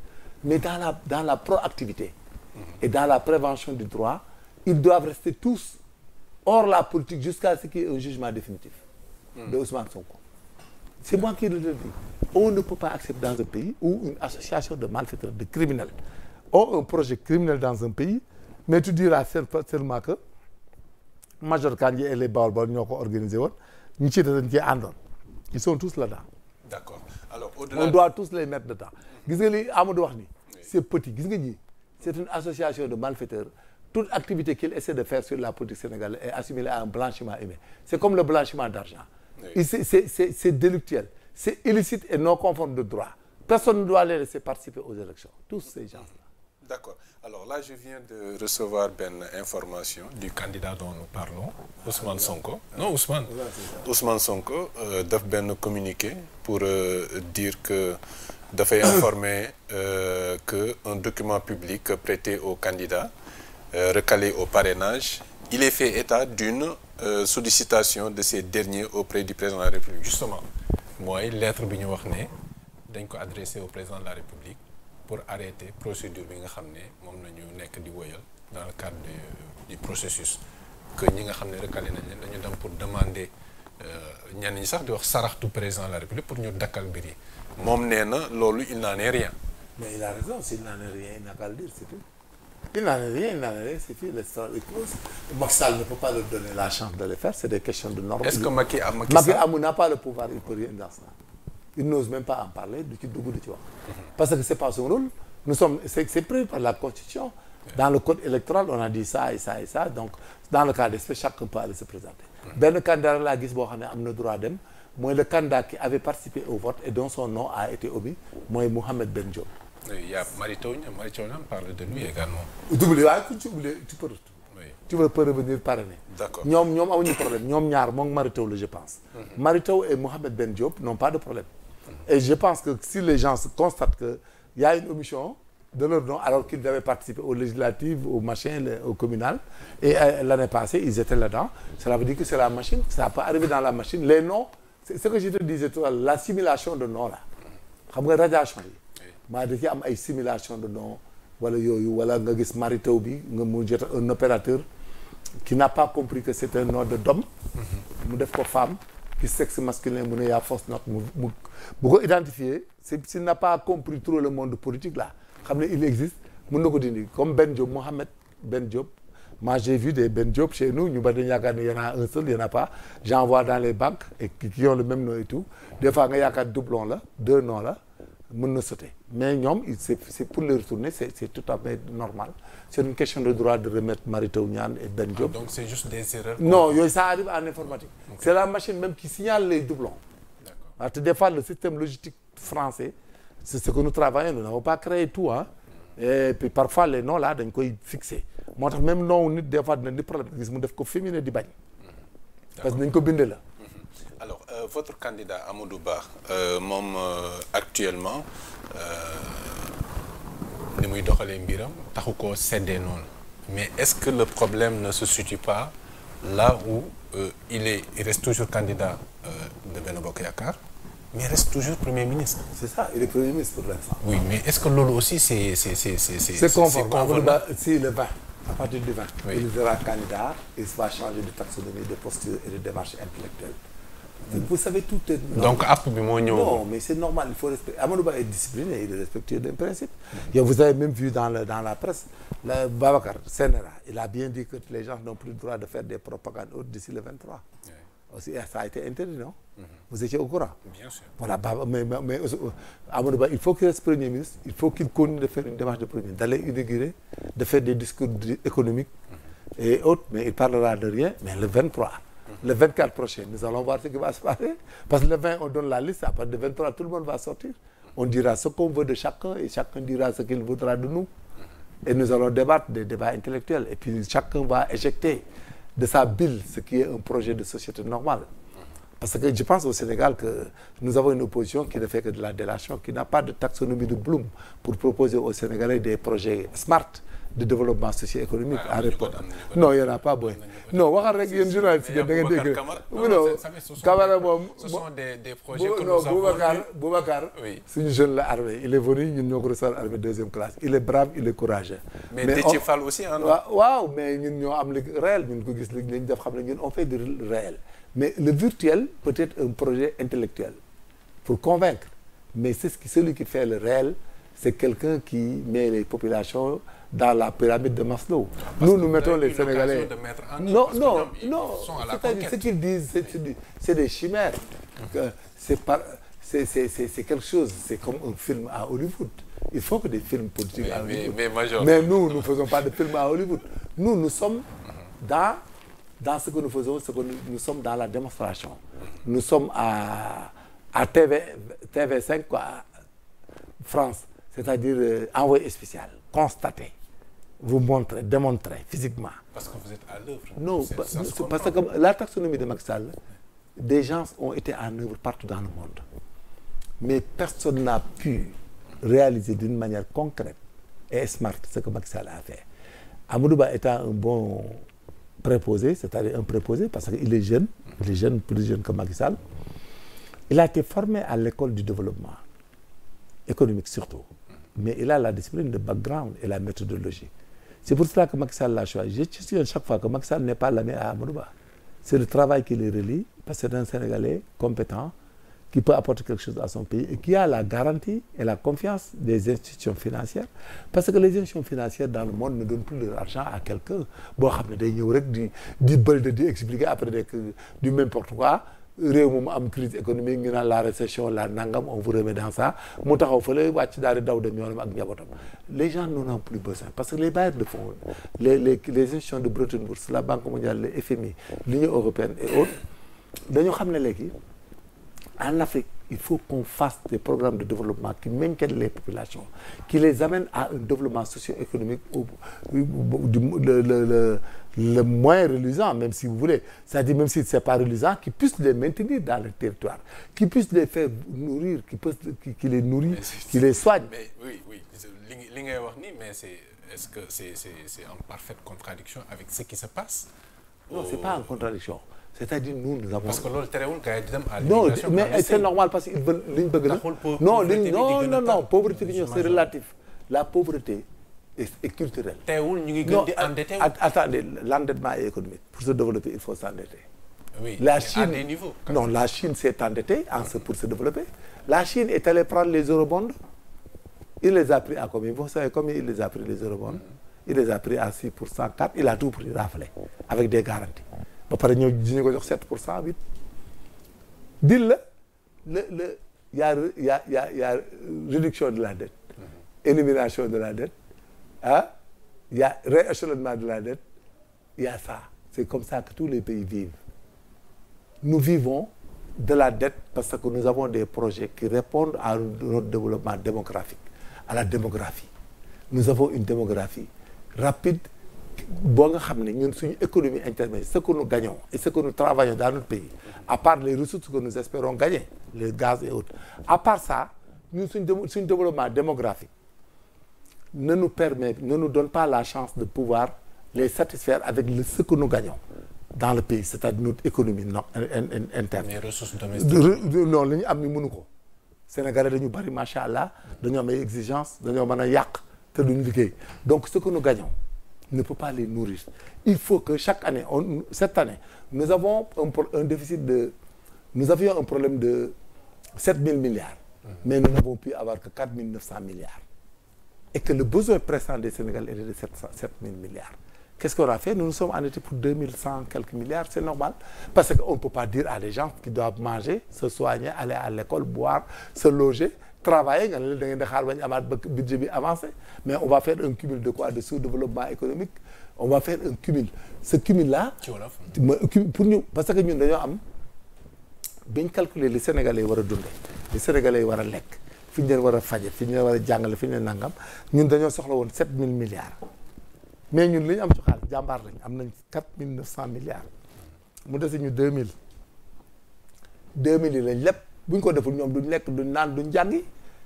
mais dans la dans la proactivité. Mhm. et dans la prévention du droit ils doivent rester tous hors la politique jusqu'à Hmm. de Ousmane Sonko. c'est moi qui le dis on ne peut pas accepter dans un pays où une association de malfaiteurs de criminels ont un projet criminel dans un pays mais tu diras seulement que Major Kandji et les Baol-Baol ñoo ko organisé woon ñu ci dañ cee àndoon ils sont tous là-dedans. d'accord alors au-delà on doit tous les mettre dedans. gis nga li gis c'est une association de malfaiteurs toute activité qu'il essaie de faire sur la politique sénégalaise est assimilée à un blanchiment Oui. C'est délictuel. C'est illicite et non conforme de droit. Personne ne doit les laisser participer aux élections. Tous ces gens-là. D'accord. Alors là, je viens de recevoir une information du candidat dont nous parlons, Ousmane Sonko. Non, Ousmane. Ousmane Sonko euh, daf benn communiqué pour euh, dire que dafay informer euh, que un document public prêté au candidat euh, recalé au parrainage, il est fait état d'une euh, sollicitation de ces derniers au du président de la République. Justement mooy lettre bi ñu wax ne dañ ko adressé au président la République pour arrêter procédure bi nga xam ne moom la nekk di woyal dans le cadre du, processus que ñi nga xam ne recalé nañ leen dañu dem pour demander euh, ñenn ñi sax di wax saraxtu président la République pour ñu dakkal mbir yi. moom nee na loolu il n'en est rien. mais il a raison s'il n'en est rien il n'a qu'à le dire c'est il n'en est rien, il n'en est rien, c'est fini, l'histoire est close. Macky Sall ne peut pas leur la chance de le faire, c'est des questions de normes. Est-ce que Macky a Macky Sall Macky le pouvoir, il peut rien dans ça. Il n'ose pas en parler du ci dugg du ci wax. Parce que c'est pas son rôle. Nous sommes c'est c'est prévu par la Constitution. Dans le code électoral, on a dit ça et ça et ça. Donc dans le cas d'espèce, chacun peut aller se présenter. Benn candidat laa gis boo xam ne am na droit dem mooy le candidat qui avait participé au vote et dont son nom a été il y a Mary parle de lui également. double waaye ku ci oublié tu peux. tu peux revenir parrainer. d'accord ñoom ñoom amuñu problème ñoom ñaar moom Mary Teuw la je pense. Mhm. Mary Teuw et Ben Diop n'ont pas de problème. et je pense que si les gens se constatent que y a une omission de leur nom alors qu'ils avaient participé aux législatives aux machins aux communales et euh, l'année passée ils étaient là cela veut dire que c'est la machine ça peut arriver dans la machine les noms c'est ce que je te disais tout à l'assimilation xam nga radiation yi. maa da ci am ay simulation de non wala yooyu wala nga gis maritaw bi nga mu jot un opérateur ki n'a pas compris que c'est un de d'homme mm-hmm. mu def ko femme qui sexe masculin mu ne yaa fausse note mu mu bu ko identifier c'est s'il n'a pas compris trop le monde politique la xam ne il existe mën na ko dindi comme Ben Diop Mohamed Ben Diop moi j'ai vu des Ben Diop chez nous ñu bari dañu yaakaar ne y en a un seul y en a pas j'en vois dans les banques et qui ont le même nom et tout des nga yaakaar doublon la de non la mun na sauter mais ñoom c'est pour les retourner c'est c'est tout à fait normal c'est une question de droit de remettre Mary Teuw Niane et Ben ah, non yooyu ça arrive en informatique. Okay. la machine même qui signale les doublons. d'accord te des fois le système logistique français c'est ce que nous travaillons nous n'avons pas créé tout ah. et puis parfois les noo là dañ koy fixer moo tax même nom nit des fois dina di problème gis mu def ko féminin di bañ. Hmm. parce que ko bindee la. alors euh, votre candidat Amadou Ba euh, moom euh, actuellement euh, ni muy doxalee mbiram taxu koo seddee noonu mais est-ce que le problème ne se situe pas là où euh, il est il reste toujours candidat de Benno Bokk Yaakaar mais reste toujours premier ministre. c'est ça il est premier ministre pour l'instant. oui mais est-ce que loolu aussi c'est c'est c'est c'est à partir du 20. Oui. il sera candidat il va changer de taxonomie de posture et de démarche intellectuelle. vous savez tout est. donc app bi moo ñëw. non mais c'est normal il faut respecter Amadou Ba est discipliné il est respectueux d'un vous avez même vu dans la presse Babacar Sénéra il a bien dit que les gens n'ont plus droit de faire des propagandes autres d'ici le 23. Oui. aussi ça a été interdit non. Mm -hmm. vous étiez au courant. bien sûr voilà Baba mais mais Amadou Ba il faut qu'il reste premier ministre il faut qu'il continue de faire une démarche de premier d'aller inaugurer de mhm. mais il parlera de rien le 24 prochain nous allons voir ce qui va se passer parce que le 20 on donne la liste à partir de 23 tout le monde va sortir on dira ce qu'on veut de chacun et chacun dira ce qu'il voudra de nous et nous allons débattre des débats intellectuels et chacun va éjecter de sa bile ce qui est un projet de société normal parce que je pense au Sénégal que nous avons une opposition qui ne fait que de la délation qui n'a pas de taxonomie de Bloom pour proposer aux Sénégalais des projets smart de développement socio-économique en ah, répondant non y en a pas non waxal rek yéen journaliste da ngeen dégg non Camara moom ce sont des des projets que nous avons la armée il est venu ñun ñoo ko armée deuxième classe il est brave il est courageux mais Déthié aussi waaw mais ñun ñoo am li réel ñun ko gis li ñu def xam ne ñun on fait du réel mais le virtuel peut être un projet intellectuel pour convaincre mais c'est ce qui celui qui fait le réel c'est quelqu'un qui met les populations dans la pyramide de Maslow. Parce nous, nous mettons les Sénégalais. En non, non, non. C'est-à-dire, ce qu'ils disent, c'est des chimères. C'est par c'est quelque chose, c'est comme un film à Hollywood. Il faut que des films politiques à Hollywood. Mais, mais, à Hollywood. Nous, sommes dans, ce que nous faisons, ce que nous, sommes dans la démonstration. Nous sommes à, TV, tv euh, constaté. vous montrer démontrer physiquement. parce que vous parce que la taxonomie de Macky Sall des gens ont été en œuvre partout dans le monde mais personne n'a pu réaliser d'une manière concrète et smart ce que Macky Sall a fait Amadou Ba étant un bon préposé c'est-à-dire un préposé parce qu'il est jeune il est jeune plus jeune que Macky Sall il a été formé à l'école du développement économique surtout mais il a la discipline de background et la méthodologie C'est pour cela que Macky Sall l'a choisi. Je suis chaque fois que Macky Sall n'est pas l'ami à Amadou C'est le travail qui les relie, parce que c'est un compétent qui peut apporter quelque chose à son pays et qui a la garantie et la confiance des institutions financières. Parce que les institutions financières dans le monde ne donnent plus de l'argent à quelqu'un. Bon, il y a des gens qui expliquer après du n'importe quoi. réew mi mu am crise économique ñu naan la récession la nangam on vous remet dans ça mu taxaw fële wàcc daal di daw dem yoonam ak njabootam les gens n'en ont plus besoin parce que les bailleurs de fonds les les les institutions de Bretton Woods la Banque mondiale le FMI l'Union européenne et autres dañoo xam ne léegi en Afrique il faut qu'on fasse des de développement qui maintiennent les populations qui les amènent à un développement socio-économique au du le le le moins reluisant, même si vous voulez, c'est-à-dire même si ce pas reluisant, qui puisse les maintenir dans le territoire, qui puisse les faire nourrir, qui, puisse, soigne. Mais, li ngay wax ni mais c'est ce que c'est c'est en parfaite contradiction avec ce qui se passe Non, c'est pas en contradiction. C'est-à-dire nous, nous avons... Parce que loolu terewul gars yi di dem à l'immigration. Non, mais normal parce que ils veulent li ñu bëgg na. Non, non, non, non, c'est relatif. La pauvreté et culturelle. teewul ñu ngi gën di endetté non attendez l'endettement est économique pour se développer il faut s'endetter. oui la Chine non la Chine s'est endettée en ce pour se développer la Chine est allée les eurobonds il les a pris à combien vous savez combien il les a pris les eurobonds il les a pris à 6 pour cent 4 il a tout pris raflé avec des garanties ba pare ñëw di ñu ko jox 7 pour cent 8 dil la le le réduction de la dette mm-hmm. élimination de la dette. ah il y a de la dette il y ça c'est comme ça que tous les pays vivent nous vivons de la dette parce que nous avons des projets qui répondent à notre développement démographique à la démographie nous avons une démographie rapide boo nga xam ne ñun suñu économie interne ce que nous gagnons et ce que nous travaillons dans notre pays à part les ressources que nous espérons gagner les gaz et autres à part ça ñun suñu suñu développement démographique ne nous permet, ne nous donne pas la chance de pouvoir les satisfaire avec le, ce ku nous gagnons dans le pays c'est-à-dire notre économie non interne. les ressources domestiques. non ñu am ni mënu ko. Sénégalais dañu bari macha allah dañoo am ay exigences dañoo mën a yàq te duñu liggéey donc ce que nous gagnons ne peut pas les nourrir il faut que chaque année on cette année nous avons un, un déficit de nous avions un problème de 7000 milliards. Mm-hmm. mais nous n'avons pu avoir que 4900 milliards. et que le besoin pressant des Sénégalais est de 700, 7 000 milliards. Qu'est-ce qu'on a fait Nous nous sommes endettés pour 2100 c'est normal. Parce qu'on ne peut pas dire à des gens qui manger, se soigner, aller à l'école, boire, se loger, travailler, budget avancé. Mais on va faire un cumul de quoi De sous-développement économique. On va faire un cumul. Ce cumul-là, pour nous, parce que nous avons, bien calculer les Sénégalais, les Sénégalais, les fi ñu leen war a faje fi ñu leen war a jàngale fi ñu leen nangam ñun dañoo soxla woon sept mille milliards mais ñun li ñu am ci xaalis jàmbaar lañ am nañ quatre mille neuf cent milliards ñu deux mille yi lañ lépp buñ ko deful ñoom du nekk du naan duñ jàngi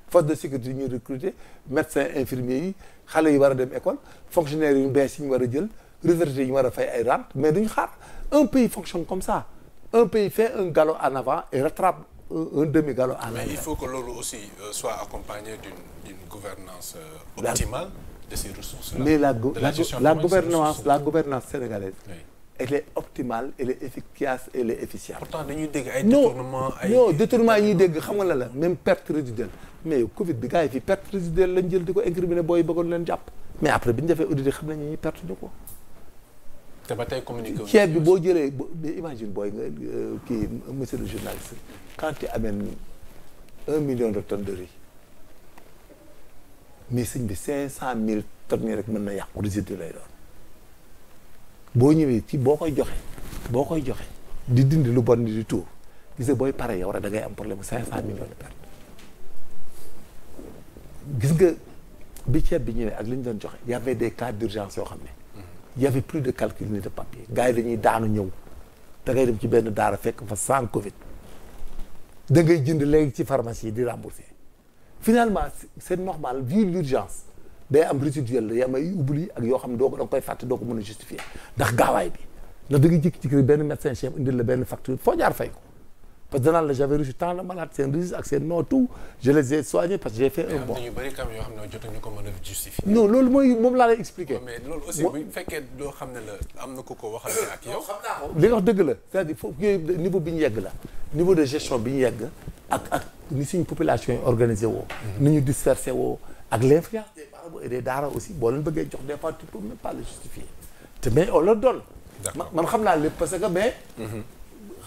force de sécurité ñu ñuy recruter médecins infirmiers yi xale yi war a dem école fonctionnaires yu bees yi ñu war a jël retraités yi ñu war a fay ay rente mais duñ xaar un pays fonctionne comme ça un pays fait un galop en avant et rattrape un demi-galop en il faut que loolu aussi euh, soit accompagné d'une gouvernance euh, optimale de la, la, la, la gouvernance la gouvernance sénégalaise oui. elle est optimale elle est efficace elle est efficiente. pourtant dañuy dégg ay détournements ay non dégg xam nga la la même perte résiduelle mais Covid bi gars yi fi perte résiduelle lañ jël di ko incriminer booy bëggoon leen jàpp mais après bi ñu defee audit xam nañu ñuy perte ñu ko. te ba tey communiqué ceeb bi boo jëlee mais imagine booy nga euh, kii monsieur le journaliste quand tu amènes million de tonnes de riz mais sëñ bi cinq cent mille tonnes yi rek mën na yàqu résidu lay doon boo ñëwee ci boo koy joxe boo koy joxe di dindi lu bon di tuur gis booy pare yow rek da ngay am problème cinq cent millions de gis nga bi ceeb bi ñëwee ak li ñu doon joxe y avait des cas d'urgence yoo xam ne y avait plus de calcul ni de papier gars yi dañuy daanu ñëw da ngay dem ci benn daara fekk fa sans covid da ngay jënd léegi ci pharmacie yi di remboursé finalement c'est normal vu l'urgence day am résiduel la yam ay oubli ak yoo xam ne doo koy fàtte doo ko mën a justifier ndax gaawaay bi ndax da ngay jékki benn médecin chef indil la benn facture foo jaar fay ko parce que danaan la j'avais reçu tant de seen risque ak seen non tout je les ai soignés parce que j'ai fait bon. mais am mooy moom laa lay expliquer. mais loolu aussi xam ne la am na ko waxal ak yow. xam ko li dëgg la c'est-à-dire foofu yooyu niveau la niveau de gestion bi ñu yegg ak ak ni population yi organisé woo. Mhm. ni ñu dispersé woo ak l'influence des parents daara aussi boo leen bëggee jox des fois tu peux même pas le justifier te mais on man xam naa lépp parce que mais. Mhm.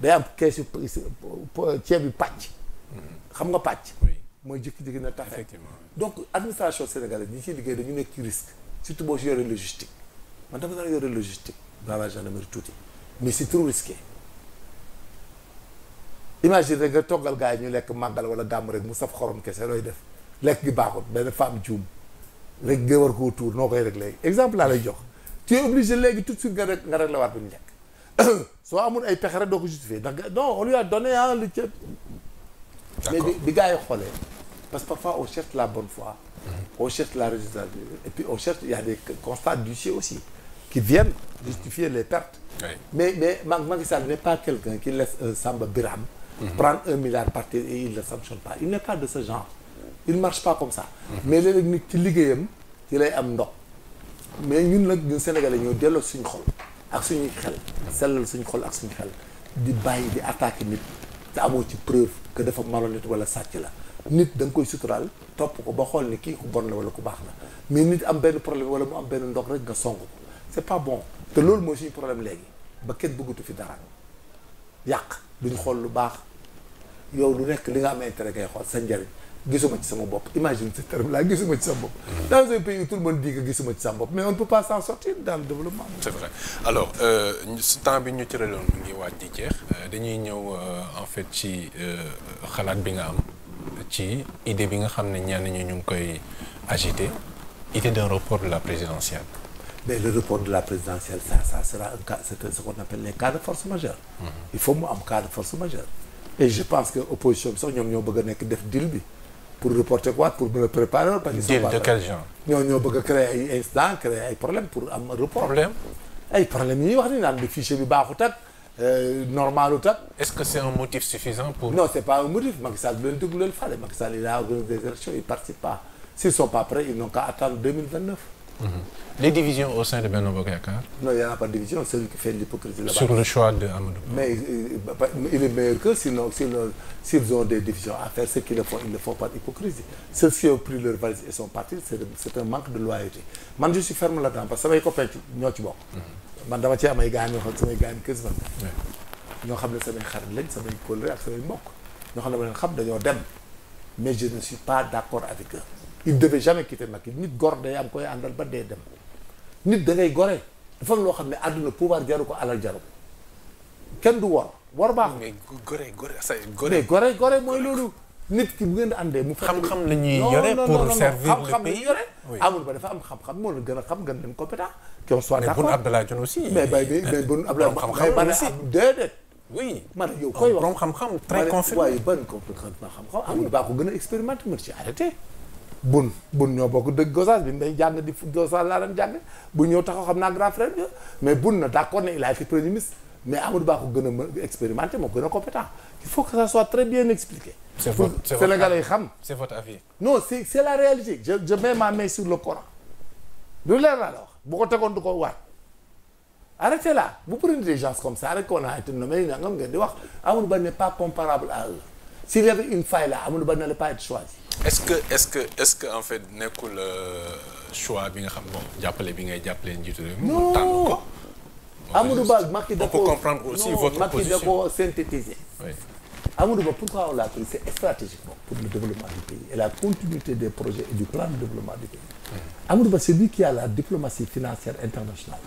day am keesu ceeb bi pàcc. xam nga pàcc. mooy jékki-jékki na tax donc administration sénégalaise ñi ciy liggéey dañu nekk ci risque surtout boo si yore logistique man dama daan yore logistique dans la gendarmerie tuuti mais c'est trop risqué. imagine rek nga toggal gars yi ñu lekk màggal wala gàmm rek mu saf xorom kese looy def lekk gi baaxut benn femme juum rek nga war koo tuur noo koy rek léegi exemple laa lay jox tu es léegi tout de nga rek nga rek la waat bu ñu lekk (coughs) soo amul ay pexe rek doo ko justifier ndax non on lui a donné ah le ceeb. yi xoolee parce que parfois on cherche la bonne foi. Mhm. on cherche la résultat et puis on cherche il y a des constats d'huissier aussi mais mais Macky Sall n'est pas quelqu'un qui laisse un Samba Biram. Mm -hmm. un milliard par terre le sanctionne pas il n'est de ce genre. il ne marche pas comme ça. Mhm. ci liggéeyam ci lay am ndox. mais ñun nag ñun Sénégalais ñoo delloo suñu xol. ak suñuy xel sellal suñu xol ak suñu xel di bàyyi di attaquer nit te amoo ci preuve que dafa malo nit wala sàcc la nit da nga koy suturaal topp ko ba xool ni kii ku bon la wala ku baax la mais nit am benn problème wala mu am benn ndox rek nga song ko c'est pas bon te loolu mooy suñu problème léegi ba kenn bëggatu fi dara yàq duñ xool lu baax yow lu nekk li nga am intérêt ngay xool sa njëriñ gisuma ci sama bopp imagine ce terme là gisuma ci sama bopp. dans un pays tout le monde dit que gisuma ci sama bopp mais on ne peut pas s'en sortir dans le développement. c'est vrai alors euh, temps bi ñu cëraloon mu ngi waaj di jeex euh, dañuy ñëw euh, en fait ci xalaat bi nga am ci idée bi nga xam ne ñenn ñi ñu ngi koy agité idée d'un report de la présidentielle. mais le report de la présidentielle ça ça sera un cas c'est ce qu'on appelle les cas de force majeure. Mhm. am cas de force majeure. et pense que opposition bi sax ñoom ñoo bëgg nekk def deal bi. pour reporter quoi pour me préparer. parce que ils sont de quel genre. ñoo ñoo bëgg a créer ay incident créer ay problème pour am report. problème ay problème yi ñuy wax ni naan le fichier bi baaxut ak eh, normal ut ak. est-ce que c'est un motif suffisant pour. non c'est pas un motif Macky Sall du leen déglu leen fàle Macky Sall il a organisé des élections il participe pas s'ils sont pas prêts ils n'ont qu'à attendre 2029 Mhm. les divisions au sein de Benno Bokk Yaakaar. non il y a pas de division celui sur le choix de Amadou. mais euh, il est meilleur que sinon sinon s'ils ont des divisions à faire ce qu'ils le font ils le par hypocrisie ceux qui ont pris leur valise et sont partis c'est c'est manque de loyauté man je suis ferme là-dedans parce ci ñoo ci bokk. Mhm. man dama ci am ay xam samay gaañ kër ñoo xam ne samay xarit lañ samay kóllëre ak samay mbokk ñoo xam ne ma leen xam dañoo dem mais je ne suis pas d'accord avec il devait jamais quitter Macky nit gor day am koy àndal ba dee dem nit da ngay gore loo xam ne àdduna pouvoir jaru ko alal jaru ko kenn du wor wor baaxul. mais gore gore sa gore. mais gore mooy loolu. nit ki mu ngeen di àndee mu. xam-xam la ñuy yore pour servir le pays amul ba dafa am xam-xam moo la gën a xam gën leen compétent. qui on soit d'accord mais Boun mais bay bi mais Boun Abdallah xam-xam aussi déedéet. koy wax borom xam-xam très confirmé. waaye ban ko xam-xam amul baa gën a expérimenté mën ci arrêté. bun bun ñoo bokk dëgg gosaas bi nday jàng di gosaas laa daan jàng bu ñëw taxaw xam naa grand frère mais bun na d'accord ne il a été premier mais Amadou Ba ko gën a mën expérimenté moo gën a compétent il faut que ça soit très bien xam. c'est votre avis. la réalité. je je mets ma main sur le Coran. wax bu tegoon du ko waat arrêtez là vous prenez des gens comme a été nommé wax Amadou Ba n'est pas comparable à eux Ba n'allait pas être est-ce que est-ce que est-ce que en fait nekkul euh, choix bi nga xam bon jàppale bi ngay jàppale njiitu réew mi. non tànn ko. Amadou Ba Macky da ko on peut comprendre aussi votre position Macky ko synthétiser. oui Ba l'a pris c'est stratégiquement pour le développement du pays et la continuité des projets et du plan de développement du pays. Amadou Ba c'est lui qui a la diplomatie financière internationale.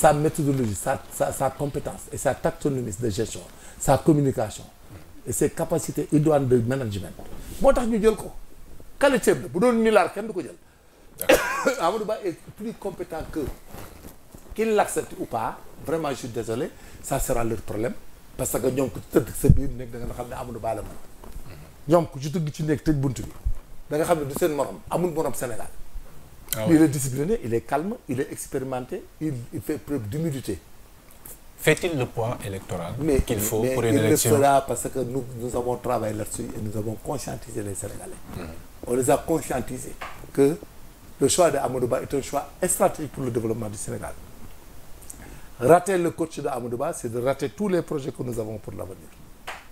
sa méthodologie sa sa sa compétence et sa taxonomie de gestion sa communication et ses capacités idoines de management moo tax ñu jël ko. qualité la bu doon nilaar kenn du ko jël (coughs) Amadou Ba est plus compétent que qu'il l'accepte ou pas vraiment je suis désolé sa sera leur problème parce que ñoom ku ci tëdd sa biir nekk da nga xam ne Amadou baa la mën mhm. ñoom ku ci tëgg ci nekk tëj bunt bi da nga xam ne du seen morom amul morom Sénégal ah il est discipliné il est calme il est expérimenté il, il fait preuve d'humilité fait-il le poids électoral mais il le fera parce que nous nous avons travaillé là-dessus et nous les Sénégalais mhm. on les a conscientisés que le choix de Amadou Ba est un choix stratégique pour le développement du Sénégal. Rater le coach de Amadou c'est de rater tous les projets que nous avons pour l'avenir.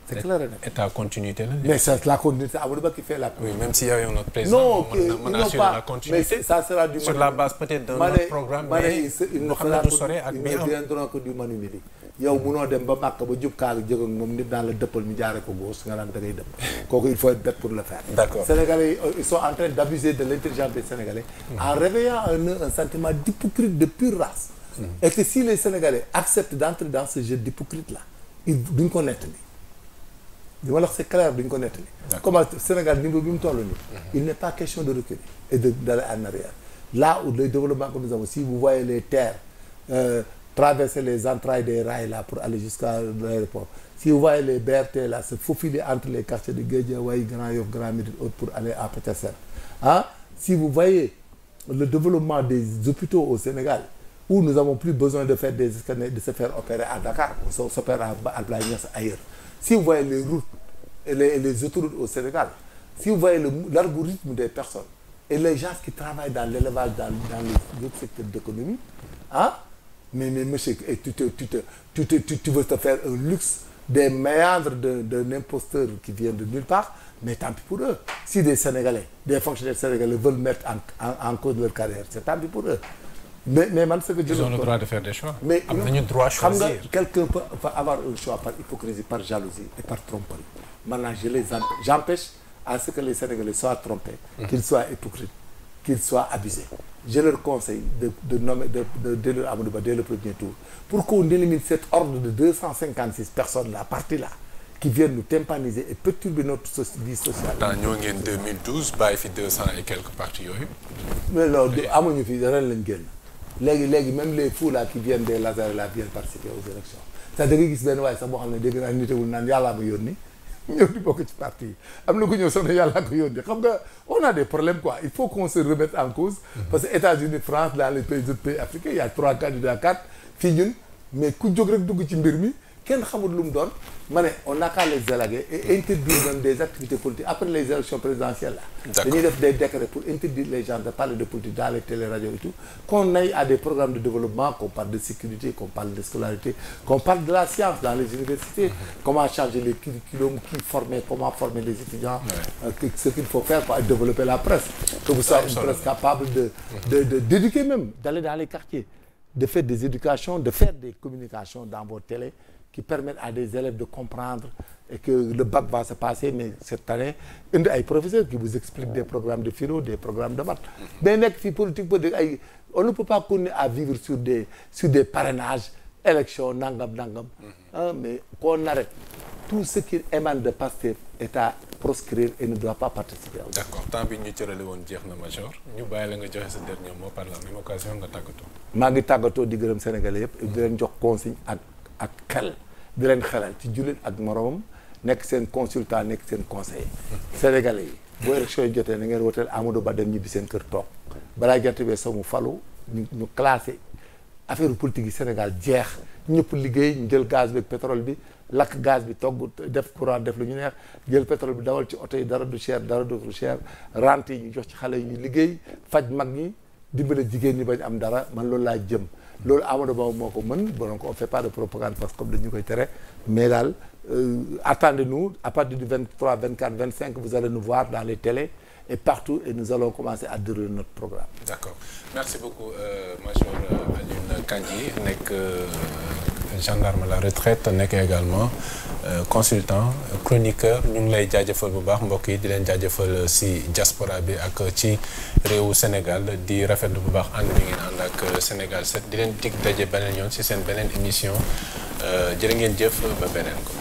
C'est clair et continuité Mais c'est continuité Amadou qui fait la président. Non, on, on, on assure pas, la continuité. Mais ça sera du la base peut-être d'un autre programme. mais ils, ils, ils ne viendront que du Manu yow munoo dem ba màkk ba jub kaal jóg ak moom nit naa la dëppal ñu jaare ko góos nga naan da ngay dëpp (laughs) kooku il faut être bête pour le faire d'accord sénégalais euh, ils sont en train d'abuser de l'intelligence des sénégalais en hmm. réveillant un sentiment d'hypocrite de pure race hmm. et si les sénégalais acceptent d'entrer dans ce jeu d'hypocrite là duñ ko nett ni li ma la wax duñ ko nett ni comment Sénégal niveau bi mu toll nii hmm. il n'est pas question de reculer et de d'aller en arrière là où le traverser les entrailles des rails là pour aller jusqu'à l'aéroport si vous voyez les BRT là se faufiler entre les quartiers de Guédiawaye Grand Yoff Grand Médine pour aller à Petersen si vous voyez le développement des hôpitaux au Sénégal ou nous avons plus besoin de faire des scanners de se faire opérer à Dakar on s'opère à si vous voyez les routes et les, autoroutes au Sénégal si vous voyez l'algorithme des personnes et les gens qui travaillent dans l'élevage mais mais monsieur et eh, tu te tu te tu te tu, tu veux te faire un luxe des méandres de d'un imposteur qui vient de nulle part mais tant pis pour eux si des Sénégalais des fonctionnaires sénégalais veulent mettre en en, en cause leur carrière c'est tant pis pour eux mais mais man ce que mais am nañu xam nga quelqu'un peut avoir un choix par hypocrisie par jalousie et par tromperie maintenant je les empêche à ce que les Sénégalais soient trompés mm-hmm. qu'ils soient hypocrites qu'il soit abusé. Je leur conseille de, de nommer de, de, de, de Amadouba dès le premier tour pour qu'on élimine cet ordre de 256 personnes, la partie-là, qui viennent nous tympaniser et perturber notre vie sociale. Pourtant, ñoo ngeen amuñu fi ren lañ génn léegi léegi même les fous là qui viennent des Lazare là viennent participer aux élections c'est-à-dire nga gis benn waaye sax boo xam ne dégg naa nitewul naan yàllaa ma yónni. ñëw di bokk ci parti yi am na ku ñëw sax ne yàllaa ko yónni xam nga on a des problèmes quoi il faut qu'on se remette en cause mhm. parce que États-Unis France dans les pays autres pays africains il y a trois candidats quatre fii ñun mais ku jóg rek dugg ci mbir mi kenn xamul lu mu doon ma ne on n'a qu'à les élaguer et interdire des activités politiques après les élections présidentielles là des décrets pour interdire les gens de parler de politique dans les télé radios et tout qu'on aille à des programmes de développement qu'on parle de sécurité qu'on parle de scolarité qu'on parle de la science dans les universités mm-hmm. comment changer les curriculums qui former comment former les étudiants euh, ce qu'il faut faire pour développer la presse que vous soyez une presse capable de mm-hmm. de des éducations de qui permettent à des élèves de comprendre et que le bac va se passer mais cette année indi ay professeurs qui vous expliquent des programmes de philo des programmes de maths mais nekk fii politique ba dëgg ay on ne peut pas continuer à vivre sur des sur des parrainages élections nangam nangam ah mais qu'on arrête tout ce qui émane de Pastef est à proscrire et ne doit pas participer à d'accord temps bi ñu cërale woon jeex na major ñu bàyyi la nga joxe sa dernier mot par la même occasion ngi tàggatoo di gërëm Sénégalais yëpp di jox consigne ak xel di leen xelal ci jullit ak moroomam nekk seen consultant nekk seen conseil sénégalais yi bu élection yi jotee na ngeen woteel Amadou Ba dem ñibbi seen kër toog balaa jant bee sax mu falu ñu ñu classé affaire politique yi Sénégal jeex ñëpp liggéey ñu jël gaz bi ak pétrole bi lakk gaz bi togg def courant def lu ñu neex jël pétrole bi dawal ci oto yi dara du cher dara du cher rente yi ñu jox ci xale yi ñu liggéey faj mag ñi dimbale jigéen ñi bañ am dara man loolu laa jëm loolu Amadou Ba moo ko mën bon donc on fait pas de propagande parce que comme dañu koy tere mais daal euh, attendez-nous à partir du vingt 24 25 vous allez nous voir dans les télés et partout et nous allons commencer à dérouler notre programme. d'accord merci beaucoup euh, Major euh, Alioune Kandji nekk. Euh, gendarme à la retraite nekk également euh, consultant chroniqueur ñu ngi lay jaajëfal bu baax mbokk yi di leen jaajëfal si jaspora bi ak ci réewu Sénégal di rafetlu bu baax ànd bi ngeen ànd ak Sénégal set di leen dig daje beneen yoon ci seen beneen émission euh, jërë ngeen jëf ba beneen ko.